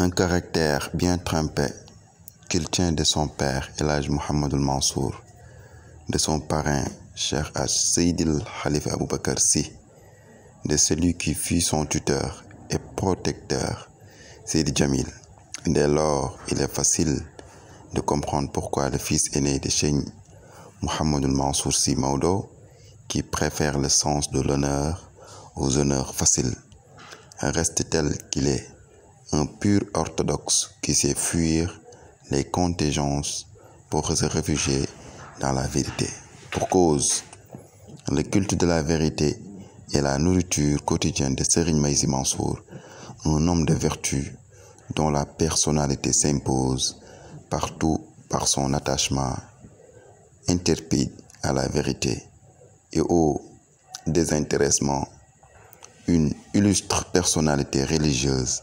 un caractère bien trempé qu'il tient de son père, Elhaj Mohamed Mansour, de son parrain, Cheikh H. Seydil Khalif Bakr Si, de celui qui fut son tuteur et protecteur, Seydil Jamil. Dès lors, il est facile de comprendre pourquoi le fils aîné de Cheikh Mohamed Mansour Si Maudo, qui préfère le sens de l'honneur aux honneurs faciles, reste tel qu'il est un pur orthodoxe qui sait fuir les contingences pour se réfugier dans la vérité. Pour cause, le culte de la vérité est la nourriture quotidienne de Serigne Maïzi Mansour, un homme de vertu dont la personnalité s'impose partout par son attachement interpide à la vérité et au désintéressement, une illustre personnalité religieuse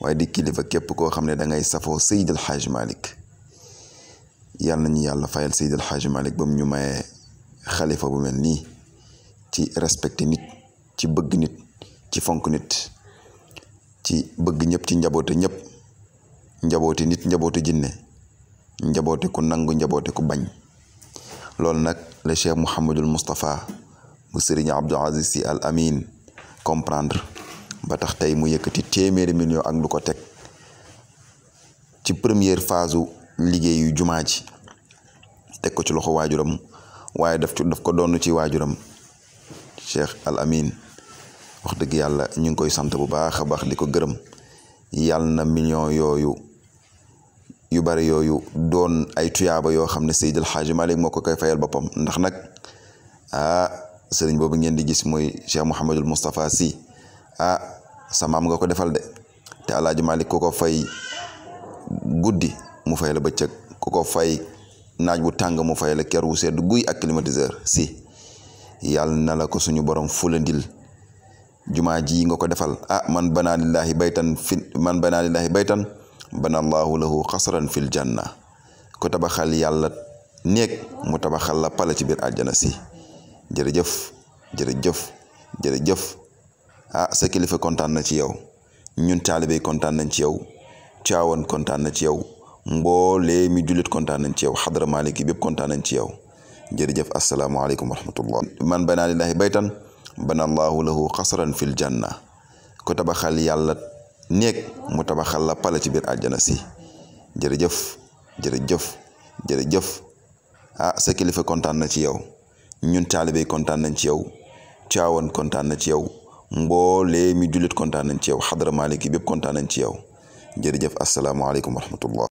waaye di kilifa képp koo xam ne da ngay safoo Seydi El Hadj Malick yàlla nañu yàlla fayal Seydi El Hadj Malick ba mu ñu mayee xalifa bu mel nii ci respecté nit ci bëgg nit ci fonk nit ci bëgg ñëpp ci njaboote ñëpp njaboote nit njaboote jinne njaboote ku nangu njaboote ku bañ loolu nag le Cheikh Mouhamadul Moustapha bu Serigne Abdou Aziz Sy Al Amin comprendre ba tax tey mu yëkkati téeméeri million ak lu ko teg ci première phase u liggéeyu jumaa ji teg ko ci loxo waajuram waaye daf daf ko doon ci waajuram Cheikh Al Amin wax dëgg yàlla ñu ngi koy sant bu baax a baax di ko gërëm yàll na million yooyu yu bari yooyu doon ay tuyaaba yoo xam ne Seydil Hadji Malick moo ko koy fayal boppam ndax nag ah sëriñ boobu ngeen di gis mooy Cheikh Mouhamadul Moustapha Sy ah sa nga ko defal de te Alaaji Malik ku ko fay guddi mu fay la ba ku ko fay naaj bu tàng mu fay la ker wu sedd guy ak climatiseur si yàlla nala ko suñu borom fulandil jumaa ji nga ko defal ah man banaa lillaahi baytan fi man banaa lillaahi baytan bana allaahu lahu xasran fil janna ko tabaxal yàlla néeg mu tabaxal la pala ci biir àjjana si jërëjëf jërëjëf jërëjëf ah sa kilifa kontaan na ci yow ñun taalibe yi kontaan nañ ci yow Tiwaawan kontaan na ci yow mboolee mi jullit kontaan nañ ci yow xadara Maalik yi bépp kontaan nañ ci yow jërëjëf asalaamaaleykum wa rahmatullah man banaa lillaahi baytan bana allaahu lahu xasran fil janna ko yàlla néeg mu tabaxal ci biir àjjana si jërëjëf jërëjëf jërëjëf ah sa kilifa kontaan na ci yow ñun taalibe yi kontaan nañ ci yow Tiwaawan kontaan na ci yow mboolee mi jullit kontaan nañ ci yow xadara maaliki bépp kontaan nañ ci yow jërëjëf asalaamaaleykum wa rahmatullah